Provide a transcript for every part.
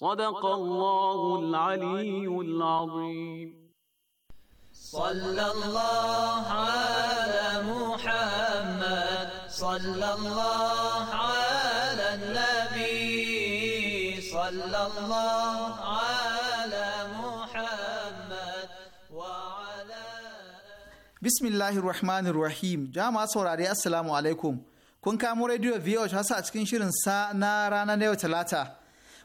صدق الله العلي العظيم صلى الله على محمد صلى الله على النبي صلى الله على محمد وعلى بسم الله الرحمن الرحيم جامعة سوراري السلام عليكم كن كامو راديو VOH هسا a cikin shirin sa نيو ranar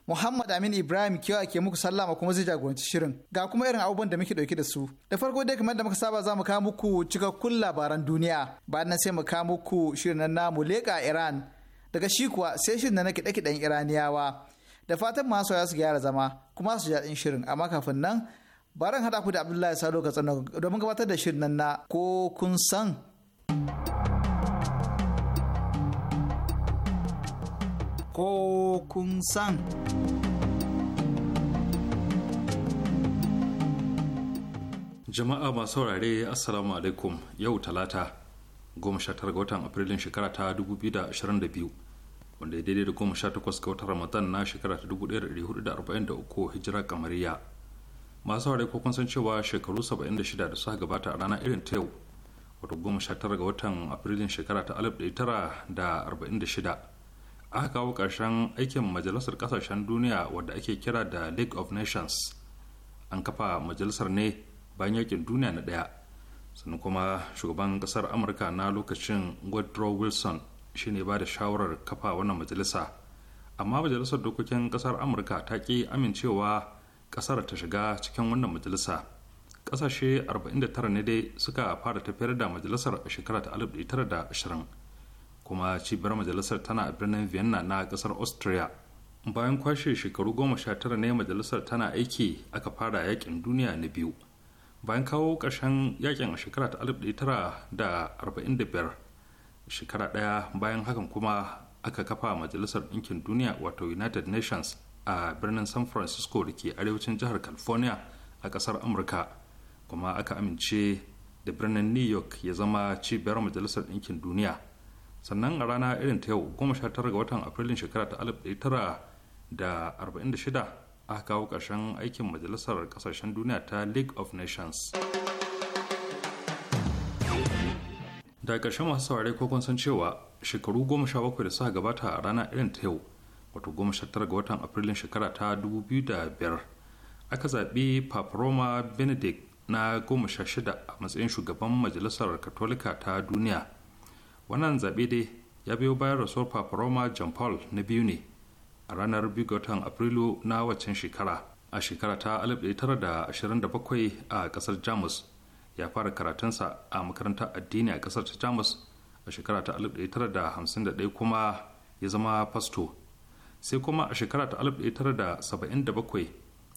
Muhammad Amin Ibrahim kewa ke muku sallama kuma zai jagoranci shirin. Ga kuma irin abubuwan da muke dauke da su. Da farko dai kamar da muka saba za mu kawo muku cikakkun labaran duniya. Bayan nan sai mu kawo muku shirin na namu leka Iran. Daga shi kuwa sai shirin na kiɗe-kiɗen Iraniyawa. Da fatan masu ya su gyara zama kuma su ji daɗin shirin amma kafin nan baran haɗa ku da Abdullahi Sado Katsina domin gabatar da shirin nan na ko kun san. ko kun san. Jama'a masu saurare Assalamu alaikum yau talata goma sha tara ga watan Afrilun shekara ta 2022 wanda ya daidai da goma sha takwas ga watan Ramadan na shekara ta 1443 hijira kamariya. Masu saurare ko kun san cewa shekaru 76 da suka gabata a ranar irin ta yau wato goma sha tara ga watan Afrilun shekara ta 1946 aka kawo ƙarshen aikin majalisar ƙasashen duniya wadda ake kira da league of nations an kafa majalisar ne bayan yakin duniya na ɗaya sannan kuma shugaban ƙasar amurka na lokacin woodrow wilson shine ba da shawarar kafa wannan majalisa amma majalisar dokokin ƙasar amurka ta ƙi amincewa ƙasar ta shiga cikin wannan majalisa ƙasashe 49 ne dai suka fara tafiyar da majalisar a shekara ta 1920 kuma cibiyar majalisar tana a birnin vienna na kasar austria bayan kwashe shekaru goma sha tara ne majalisar tana aiki aka fara yakin duniya na biyu bayan kawo ƙarshen yakin a shekara ta alif tara da da arba'in biyar shekara ɗaya bayan hakan kuma aka kafa majalisar ɗinkin duniya wato united nations a birnin san francisco da ke arewacin jihar california a ƙasar amurka kuma aka amince da birnin new york ya zama cibiyar majalisar ɗinkin duniya sannan a rana irin ta yau 19 ga watan afrilun shekara ta 1946 aka kawo ƙarshen aikin majalisar ƙasashen duniya ta league of nations da ƙarshen masu saurare ko kun san cewa shekaru goma sha bakwai da suka gabata a rana irin ta yau wato goma sha tara ga watan afrilun shekara ta dubu da biyar aka zaɓi paparoma benedict na goma sha shida a matsayin shugaban majalisar katolika ta duniya wannan zaɓe dai ya biyo bayan rasuwar paparoma john paul na biyu ne a ranar bigotan afrilu na waccan shekara a shekara ta 1927 a kasar jamus ya fara karatunsa a makarantar addini a kasar ta jamus a shekara ta 1951 kuma ya zama fasto sai kuma a shekara ta 1977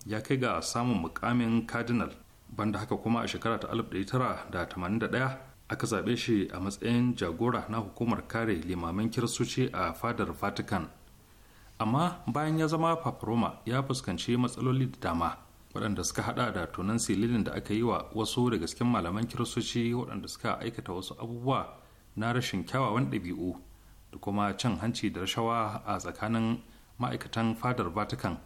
ya kai ga samun mukamin cardinal banda haka kuma a shekara ta 1981 aka zaɓe shi a matsayin jagora na hukumar kare limamin kiristoci a fadar vatican amma bayan ya zama paparoma ya fuskanci matsaloli da dama waɗanda suka hada da tunan sililin da aka yi wa wasu daga cikin malaman kiristoci waɗanda suka aikata wasu abubuwa na rashin kyawawan ɗabi'u da kuma cin hanci da rashawa a tsakanin ma'aikatan fadar vatican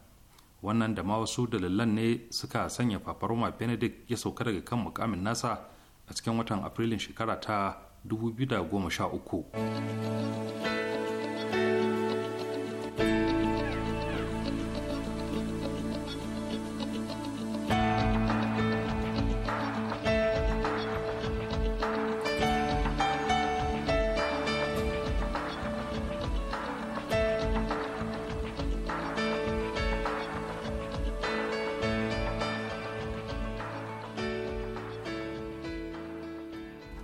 wannan da ma wasu dalilan ne suka sanya paparoma benedict ya sauka daga kan mukamin nasa a cikin watan afrilun shekara ta 2013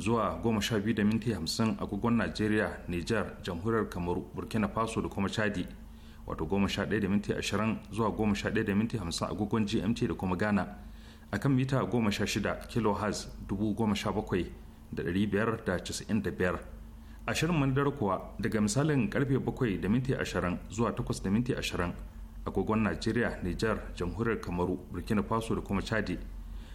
zuwa goma sha biyu da minti agogon najeriya niger jamhuriyar kamaru burkina faso da kuma chadi wato goma sha ɗaya da zuwa goma sha ɗaya agogon gmt da kuma ghana a kan mita goma sha shida kilohertz dubu goma sha bakwai da biyar da da biyar ashirin manadar kuwa daga misalin karfe bakwai da minti ashirin zuwa takwas da minti ashirin agogon najeriya niger jamhuriyar kamaru burkina faso da kuma chadi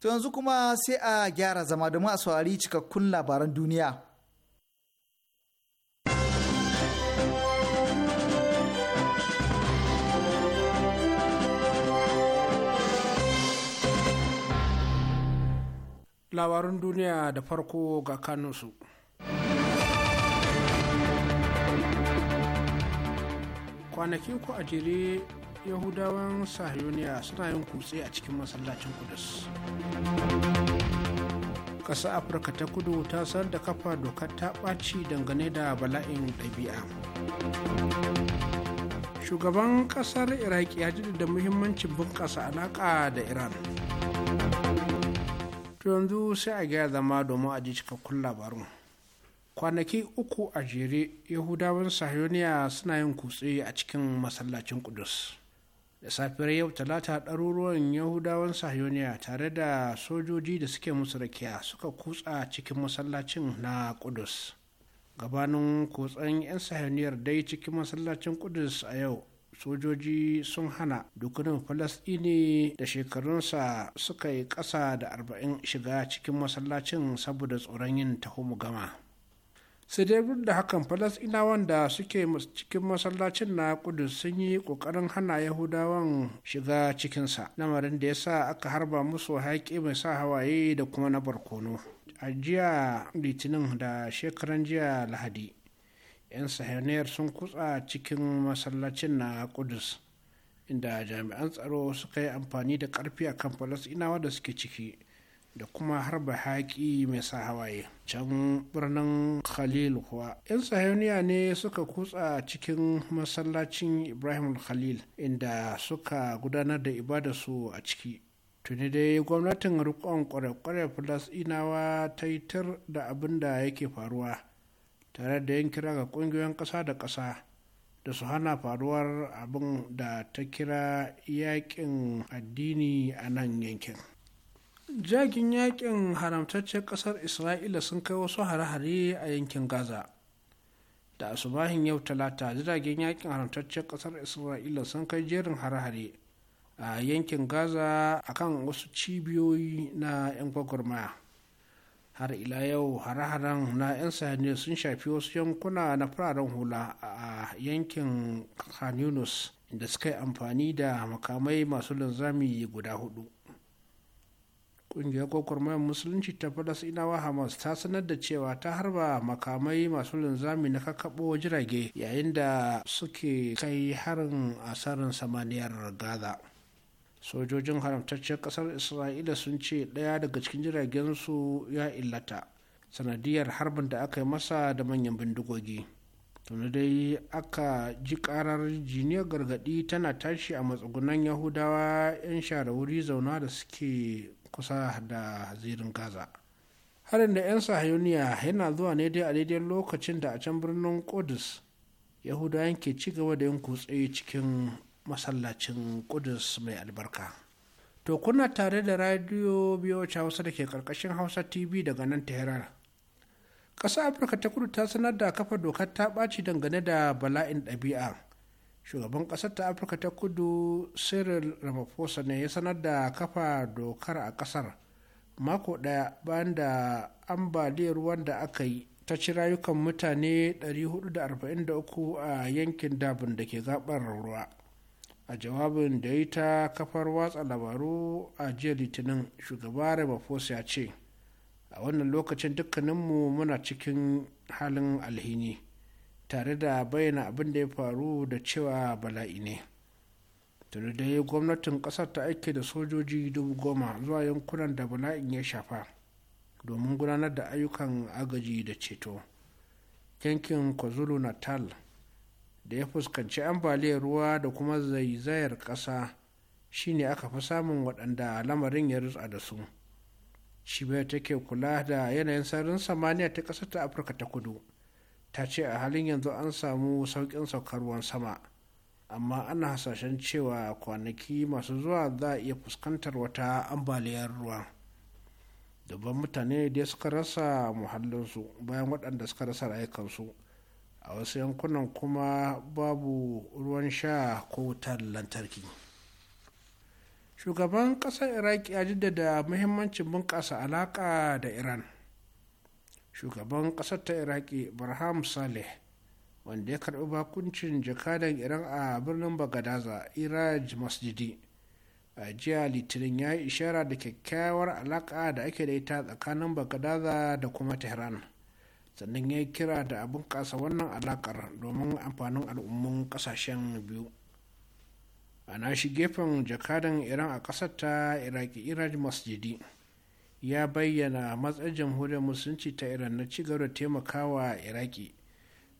To yanzu kuma sai a gyara zama da a saurari cikakkun labaran duniya. Labarun duniya da farko ga kanunsu. Kwanaki ku a jere yahudawan sahiyoniya suna yin kutse a cikin masallacin kudus ƙasa afirka ta kudu ta san da kafa dokar ta ɓaci dangane da bala'in ɗabi'a shugaban ƙasar iraki ya ji da muhimmancin bunƙasa alaƙa da iran to yanzu sai a gaya zama domin a ji cikakkun labarun kwanaki uku a jere yahudawan sahiyoniya suna yin kutse a cikin masallacin kudus da safiyar yau talata ɗaruruwan yahudawan sahiyoniya tare da sojoji da suke musu rakiya suka kutsa cikin masallacin na kudus gabanin kutsan 'yan sahiyoniyar dai cikin masallacin kudus a yau sojoji sun hana dukkanin falasɗini da shekarunsa suka yi ƙasa da arba'in shiga cikin masallacin saboda tsoron yin taho gama. sai dai da hakan falasɗinawan da suke cikin masallacin na kudus sun yi ƙoƙarin hana yahudawan shiga cikinsa lamarin da ya sa aka harba musu haƙi mai sa hawaye da kuma na barkono a jiya litinin da shekaran jiya lahadi 'yan sahaniyar sun kutsa cikin masallacin na kudus inda jami'an tsaro suka yi amfani da ƙarfi kan falasɗinawa da suke ciki da kuma harba haƙi mai sa hawaye can birnin khalil kuwa yan sahiyoniya ne suka kutsa cikin masallacin ibrahim khalil inda suka gudanar da ibadarsu a ciki tuni dai gwamnatin rikon kware-kware inawa ta yi tar da abin da yake faruwa tare da yin kira ga ƙungiyoyin ƙasa da ƙasa da su hana faruwar abin da ta kira yakin addini a nan yankin jagin yakin haramtaccen kasar isra'ila sun kai wasu hare-hare a yankin gaza da asubahin yau talata jiragen yakin haramtaccen kasar isra'ila sun kai jerin hare-hare a yankin gaza akan wasu cibiyoyi na 'yan gwagwarmaya har ila yau hare-haren na 'yan sahani sun shafi wasu yankuna na fararen hula a yankin khan inda suka yi amfani da makamai masu linzami guda hudu ƙungiyar gwagwarmayar musulunci ta falasinawa hamas ta sanar da cewa ta harba makamai masu linzami na kakkaɓo jirage yayin da suke kai harin asarin samaniyar gaza sojojin haramtaccen kasar isra'ila sun ce ɗaya daga cikin jiragen su ya illata sanadiyar harbin da aka yi masa da manyan bindigogi tuni dai aka ji karar jiniyar gargadi tana tashi a matsugunan yahudawa 'yan share wuri zauna da suke kusa da zirin gaza harin da 'yan sahayuniya yana zuwa ne dai a daidai lokacin da a can birnin kudus yahudawa ke ci gaba da yin kutse cikin masallacin kudus mai albarka to kuna tare da radio biyu hausa da ke karkashin hausa tv daga nan tehran ƙasar afirka ta kudu ta sanar da kafa dokar ta ɓaci dangane da bala'in ɗabi'a shugaban ƙasar ta afirka ta kudu cyril ramaphosa ne ya sanar da kafa dokar a ƙasar mako ɗaya bayan da ambaliyar wanda da aka yi ta ci rayukan mutane 443 a yankin dabin da ke gabar ruwa a jawabin da ya ta kafar watsa labaru a jiya litinin shugaba ramaphosa ya ce a wannan lokacin dukkaninmu muna cikin halin alhini tare da bayyana abin da ya faru da cewa bala'i ne tuni dai gwamnatin kasar ta aike da sojoji dubu goma zuwa yankunan da bala'in ya shafa domin gudanar da ayyukan agaji da ceto yankin kwazulu natal da ya fuskanci ambaliyar ruwa da kuma zaizayar ƙasa shine aka fi samun waɗanda lamarin ya rutsa da su shibiyar take kula da yanayin sararin samaniya ta ƙasar ta afirka ta kudu ta ce a halin yanzu an samu saukin saukar ruwan sama amma ana hasashen cewa kwanaki masu zuwa za a iya fuskantar wata ambaliyar ruwa dubban mutane da suka rasa muhallinsu bayan waɗanda suka rasa rayukansu a wasu yankunan kuma babu ruwan sha ko wutar lantarki shugaban ƙasar iraki ya jaddada muhimmancin bunƙasa alaƙa da iran shugaban ƙasar ta iraki barham saleh wanda ya karɓi bakuncin jakadan iran a birnin bagadaza iraj masjidi a jiya litinin ya yi ishara da kyakkyawar alaƙa da ake da ita tsakanin bagadaza da kuma tehran sannan ya kira da abin ƙasa wannan alaƙar domin amfanin al'ummun ƙasashen biyu a nashi gefen jakadan iran a ƙasar ta iraki iraj masjidi ya bayyana matsayin jamhuriyar musulunci ta iran na ci gaba da taimakawa iraki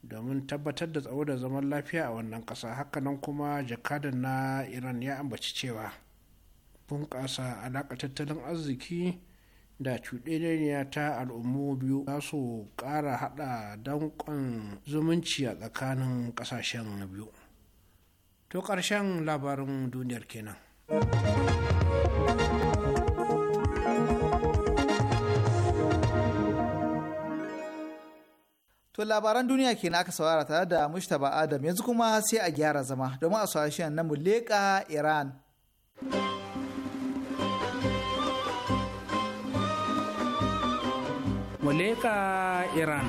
domin tabbatar da tsaro da zaman lafiya a wannan ƙasa hakanan kuma jakada na iran ya ambaci cewa bunƙasa alaƙa tattalin arziki da cuɗaniya ta al'ummu biyu za su ƙara haɗa danƙon zumunci a tsakanin ƙasashen biyu to ƙarshen labarin duniyar kenan. To labaran duniya ke aka saurara tare da Mustapha Adam yanzu kuma sai a gyara zama domin a shirin na leƙa Iran. Muleka Iran.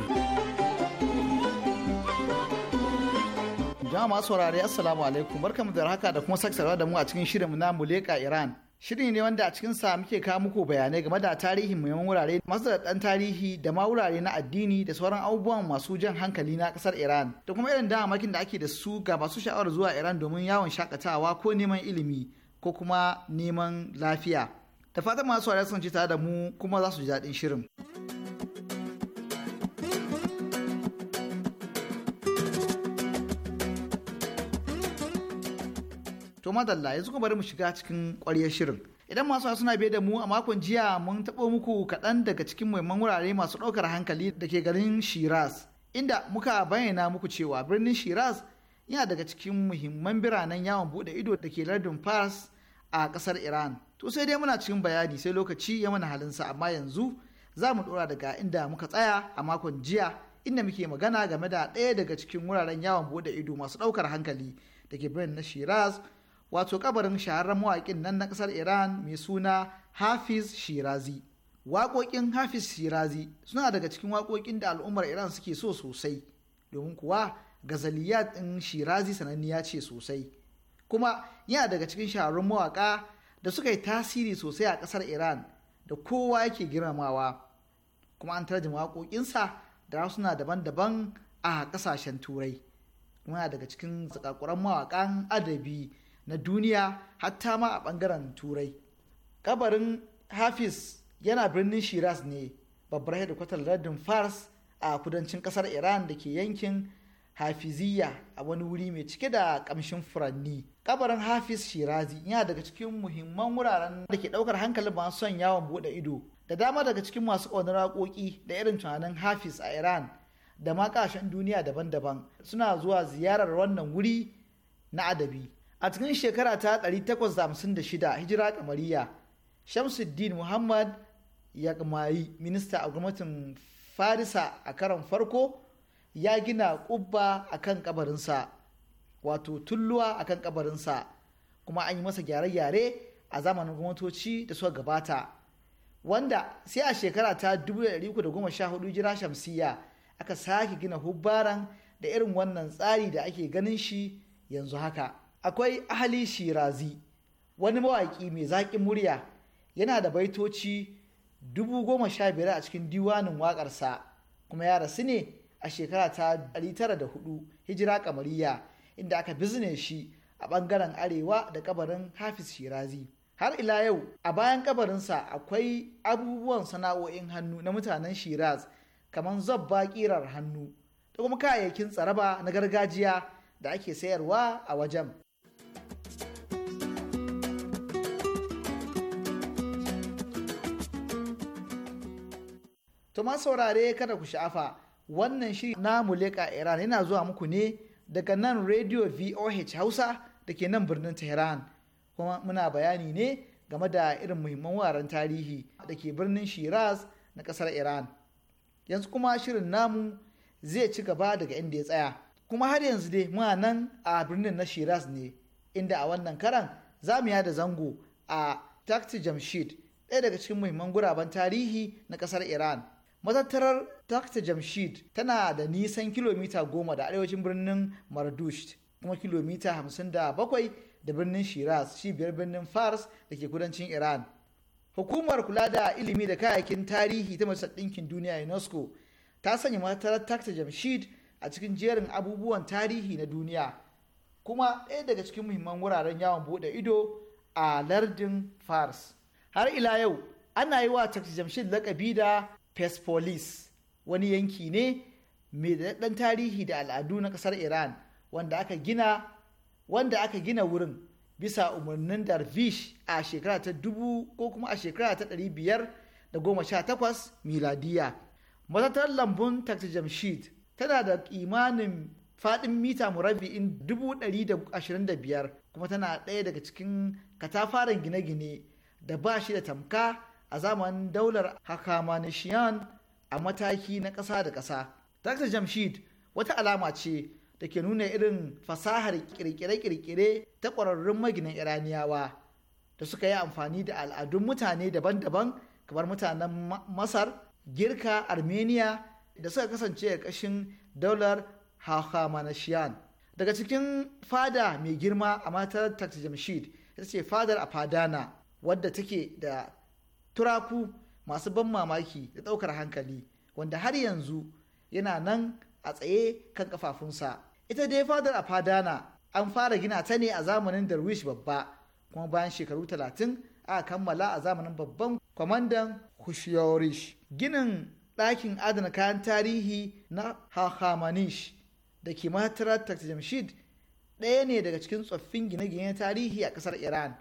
Jama'a masu Assalamu alaikum barkamu da haka da kuma saksarwa da mu a cikin shirin na Muleka Iran. Shiri ne wanda a cikin sa muke kawo muku bayanai game da tarihin muhimman wurare masu da ɗan tarihi da ma wurare na addini da sauran abubuwan masu jan hankali na kasar Iran da kuma irin damakin da ake da su ga masu sha'awar zuwa Iran domin yawon shakatawa ko neman ilimi ko kuma neman lafiya. Da fatan masu wurare sun ci tare da mu kuma za su ji daɗin shirin. to madalla yanzu kuma bari mu shiga cikin ƙwaryar shirin idan masu suna biye da mu a makon jiya mun taɓo muku kaɗan daga cikin muhimman wurare masu ɗaukar hankali da ke garin shiras inda muka bayyana muku cewa birnin shiras yana daga cikin muhimman biranen yawon buɗe ido da ke lardin fars a ƙasar iran to sai dai muna cikin bayani sai lokaci ya mana halinsa amma yanzu za mu ɗora daga inda muka tsaya a makon jiya inda muke magana game da ɗaya daga cikin wuraren yawon buɗe ido masu ɗaukar hankali da ke birnin na shiraz wato kabarin shaharar mawaƙin nan na ƙasar iran mai suna hafiz shirazi waƙoƙin hafiz shirazi suna daga cikin waƙoƙin da al'ummar iran suke so sosai domin kuwa gazaliyat ɗin shirazi sananniya ce sosai kuma yana daga cikin shahararrun mawaƙa da suka yi tasiri sosai a ƙasar iran da kowa yake girmamawa kuma an tarjima waƙoƙinsa da harsuna daban-daban a ƙasashen turai kuma daga cikin zakakuran mawaƙan adabi na duniya hatta ma a ɓangaren turai kabarin hafiz yana birnin shiraz ne babbar hedikwatar lardin fars a kudancin kasar iran da ke yankin hafiziya a wani wuri mai cike da kamshin furanni kabarin hafiz shirazi yana daga cikin muhimman wuraren da ke daukar hankalin masu son yawon bude ido da dama daga cikin masu ƙaunar waƙoƙi da irin tunanin hafiz a iran da ma ƙasashen duniya daban-daban suna zuwa ziyarar wannan wuri na adabi a cikin shekara ta 856 hijira kamariya shamsuddin muhammad ya kamayi minista a gwamnatin farisa a karon farko ya gina kubba a kan kabarinsa wato tulluwa a kan kabarinsa kuma an yi masa gyare-gyare a zamanin gwamnatoci da suka gabata wanda sai a shekara ta 1314 jira shamsiya aka sake gina hubbaran da irin wannan tsari da ake ganin shi yanzu haka. akwai ahali shirazi wani mawaƙi mai zaƙin murya yana da baitoci dubu goma sha biyar a cikin diwanin waƙarsa kuma ya rasu ne a shekara ta 904 hijira kamariya inda aka bizne shi a ɓangaren arewa da kabarin hafiz shirazi har ila yau a bayan kabarinsa akwai abubuwan sana'o'in hannu na mutanen shiraz kamar zabba ƙirar hannu da kuma kayayyakin tsaraba na gargajiya da ake sayarwa a wajen To ma saurare kada ku sha'afa wannan shi na muleka Iran yana zuwa muku ne daga nan Radio VOH Hausa da ke nan birnin Tehran. Kuma muna bayani ne game da irin muhimman wuraren tarihi da ke birnin Shiraz na kasar Iran. Yanzu kuma shirin namu zai ci gaba daga inda ya tsaya. Kuma har yanzu dai muna nan a birnin na Shiraz ne inda a wannan karan za mu yada zango a Takti Jamshid ɗaya daga cikin muhimman guraben tarihi na ƙasar Iran. matattarar Dr. Jamshid tana da nisan kilomita goma da arewacin birnin Mardush kuma kilomita hamsin da bakwai da birnin Shiraz cibiyar birnin Fars da ke kudancin Iran. Hukumar kula da ilimi da kayayyakin tarihi ta Majalisar Ɗinkin Duniya UNESCO ta sanya matattarar Dr. Jamshid a cikin jerin abubuwan tarihi na duniya kuma ɗaya daga cikin muhimman wuraren yawon buɗe ido a lardin Fars. Har ila yau ana yi wa takta Jamshid lakabi da Persepolis wani yanki ne mai daɗaɗɗen tarihi da al'adu na ƙasar Iran wanda aka gina wanda aka gina wurin bisa umarnin Darvish a shekara ta dubu ko kuma a shekara ta ɗari biyar da goma sha takwas miladiya. Matatar lambun Takta Jamshid tana da kimanin faɗin mita murabbi'in dubu ɗari da ashirin da biyar kuma tana ɗaya daga cikin katafaren gine-gine da ba shi da tamka a zamanin daular Hakamanishiyan a mataki na ƙasa da ƙasa. Dr. Jamshid wata alama ce da ke nuna irin fasahar kirkire-kirkire ta ƙwararrun maginan Iraniyawa da suka yi amfani da al'adun mutane daban-daban kamar mutanen Masar, Girka, Armenia da suka kasance a ƙashin daular Hakamanishiyan. Daga cikin fada mai girma a matar Dr. Jamshid ita ce fadar a fadana wadda take da turaku masu ban mamaki da ɗaukar hankali wanda har yanzu yana nan a tsaye kan kafafunsa ita dai fadar a fadana an fara gina ta ne a zamanin darwish babba kuma bayan shekaru talatin a kammala a zamanin babban kwamandan hushiyorish ginin ɗakin adana kayan tarihi na hahamanish da ke matarar jamshid ɗaya ne daga cikin tsoffin gine gine tarihi a ƙasar iran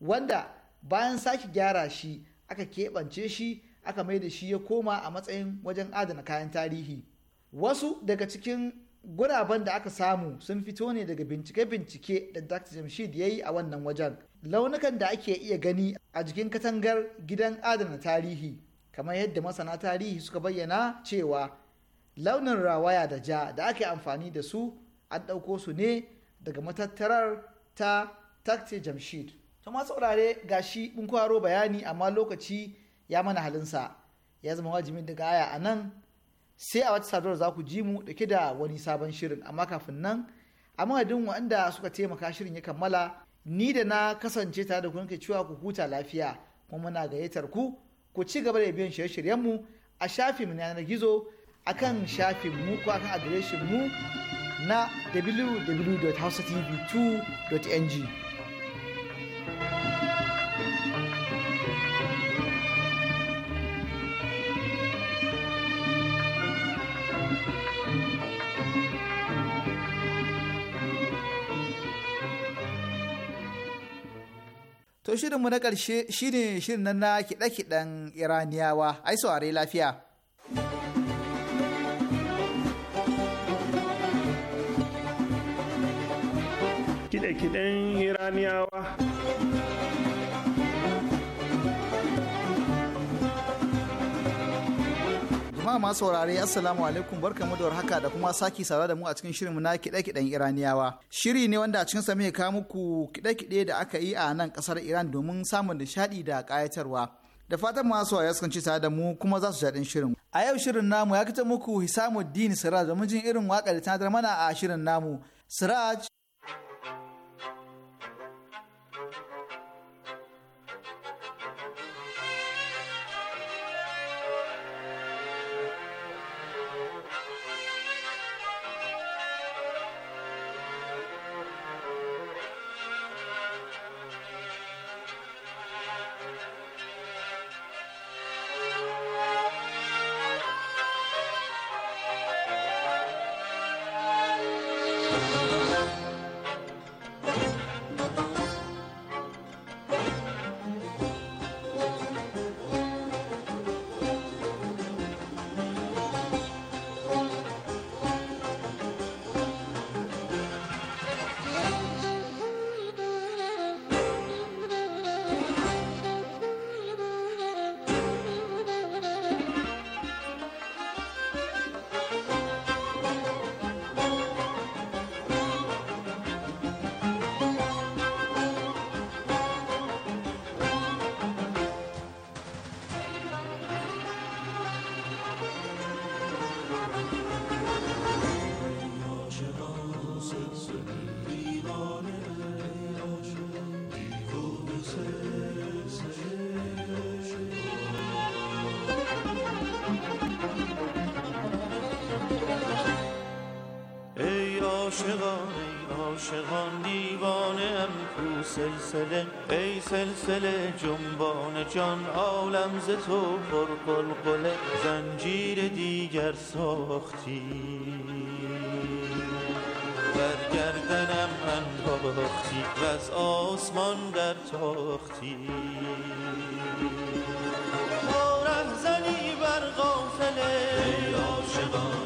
wanda bayan sake gyara shi aka keɓance shi aka mai da shi ya koma a matsayin wajen adana kayan tarihi wasu daga cikin guraben da aka samu sun fito ne daga bincike-bincike da dr jamshid ya yi a wannan wajen launukan da ake iya gani a jikin katangar gidan adana tarihi kamar yadda masana tarihi suka bayyana cewa launin rawaya da ja da ake amfani da su an ɗauko su ne daga matattarar ta takte jamshid to ma saurare shi mun kwaro bayani amma lokaci ya mana halinsa ya zama wajibin daga aya a nan sai a wata sadarwar za ku ji mu ɗauke da wani sabon shirin amma kafin nan a madadin wanda suka taimaka shirin ya kammala ni da na kasance tare da ku cewa ku huta lafiya kuma muna gayyatar ku ku ci gaba da biyan shirye shiryen mu a shafin na yanar gizo akan shafin mu ko akan adireshin mu na www.hausatv2.ng To shirinmu na ƙarshe shine shirin nan na kiɗe-kiɗen Iraniyawa, ai saurare lafiya. Kiɗe-kiɗen Iraniyawa. jama'a masu saurare assalamu alaikum barkamu da warhaka da kuma saki saza da mu a cikin shirinmu na kiɗe-kiɗen iraniyawa shiri ne wanda a cikin sa muke kawo muku kiɗe-kiɗe da aka yi a nan ƙasar iran domin samun nishaɗi da ƙayatarwa da fatan masu saurare sun ci tare da mu kuma za su jaɗin shirin a yau shirin namu ya kita muku hisamuddin siraj domin jin irin waka da tanadar mana a shirin namu siraj عاشقان ای عاشقان دیوانه ام کو سلسله ای سلسله جنبان جان عالم ز تو پر قلقله زنجیر دیگر ساختی بر گردنم انداختی و از آسمان در تاختی با زنی بر غافله ای عاشقان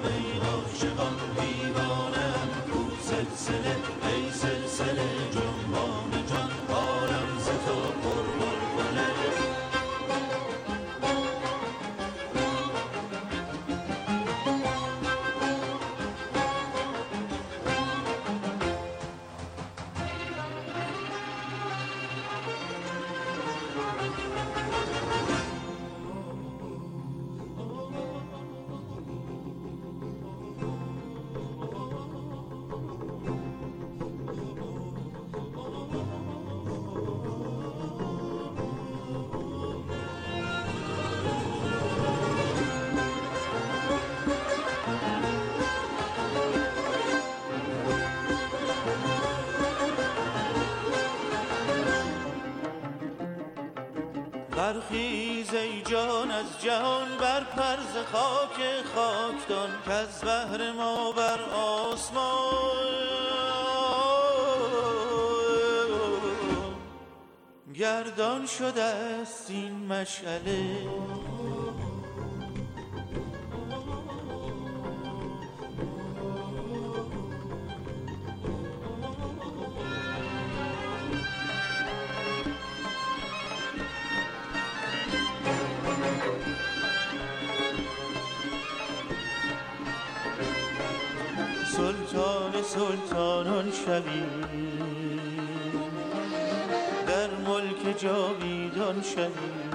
Meyselin, Meyselin. برخیز ای جان از جهان بر پرز خاک خاکدان که از بهر ما بر آسمان گردان شده است این مشعله سلطانان شویم در ملک جاویدان شویم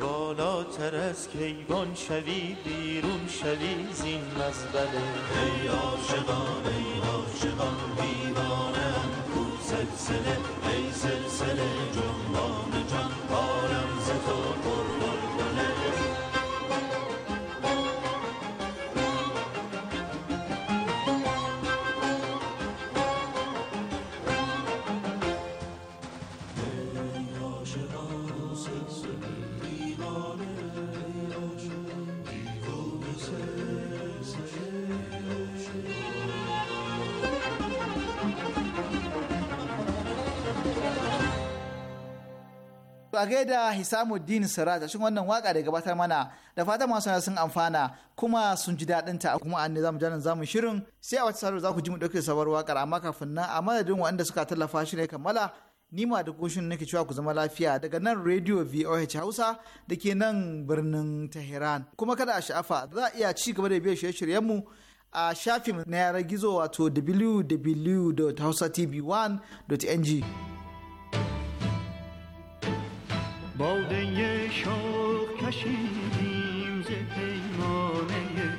بالاتر از کیوان شوی بیرون شوی زین مزبله ای آشقان ای آشقان دیوانه او سلسله ای سلسله جنبان جان To a gaida Hisamuddin Siraj a cikin wannan waka da gabatar mana da fata masu sun amfana kuma sun ji daɗin ta kuma an ne zamu zamu shirin sai a wata sa za ku ji mu ɗauke sabar wakar amma kafin nan a madadin waɗanda suka tallafa shi ne kammala ni ma da goshin nake cewa ku zama lafiya daga nan Radio VOH Hausa da ke nan birnin Tehran kuma kada a sha'afa za a iya ci gaba da biyan shirye-shiryen mu a shafin na yanar gizo wato www.hausatv1.ng کشیدیم ز پیمانه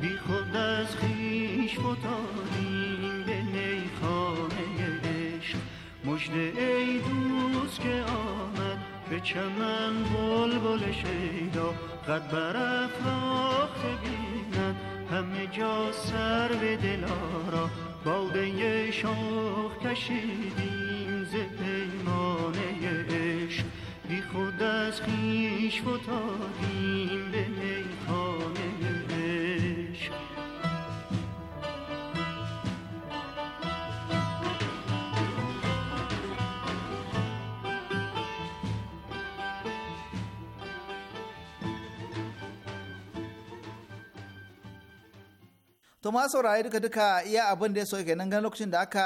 بی خود از خیش فتادیم به نیخانه عشق مجد ای دوست که آمد به چمن بل شیدا قد برافراخت بیند همه جا سر به دلارا باده شخ کشیدیم ز فتادیم به میخانه عشق to ma yi duka duka iya abin da ya so kenan gan lokacin da aka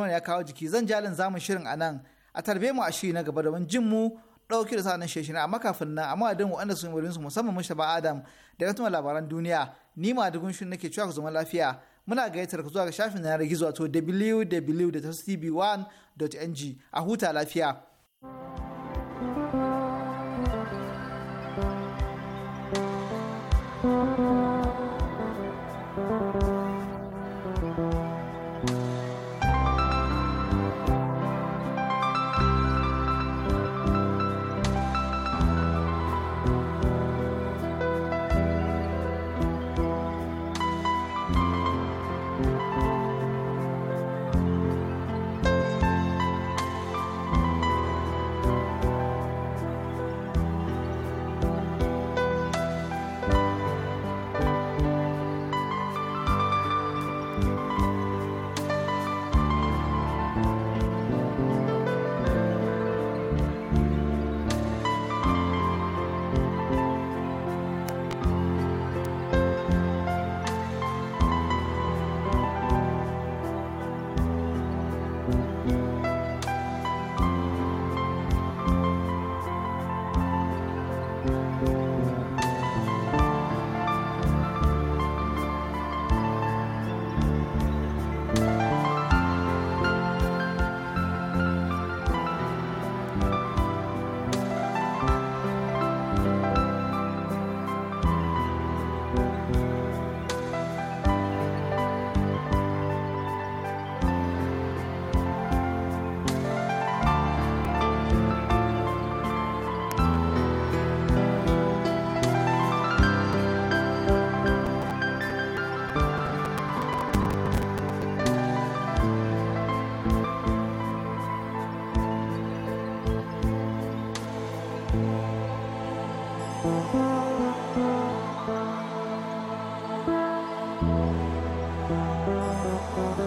mana ya kawo jiki zan jalin zamun shirin a nan a tarbe mu a shi na gaba domin jin mu ɗauki da sa'anin shi amma kafin nan amma adin waɗanda sun yi su musamman Mustapha Adam da ya labaran duniya ni ma dugun shi nake cewa ku zama lafiya muna gayyatar ku zuwa ga shafin yanar gizo wato www.tv1.ng a huta lafiya.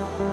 Thank you.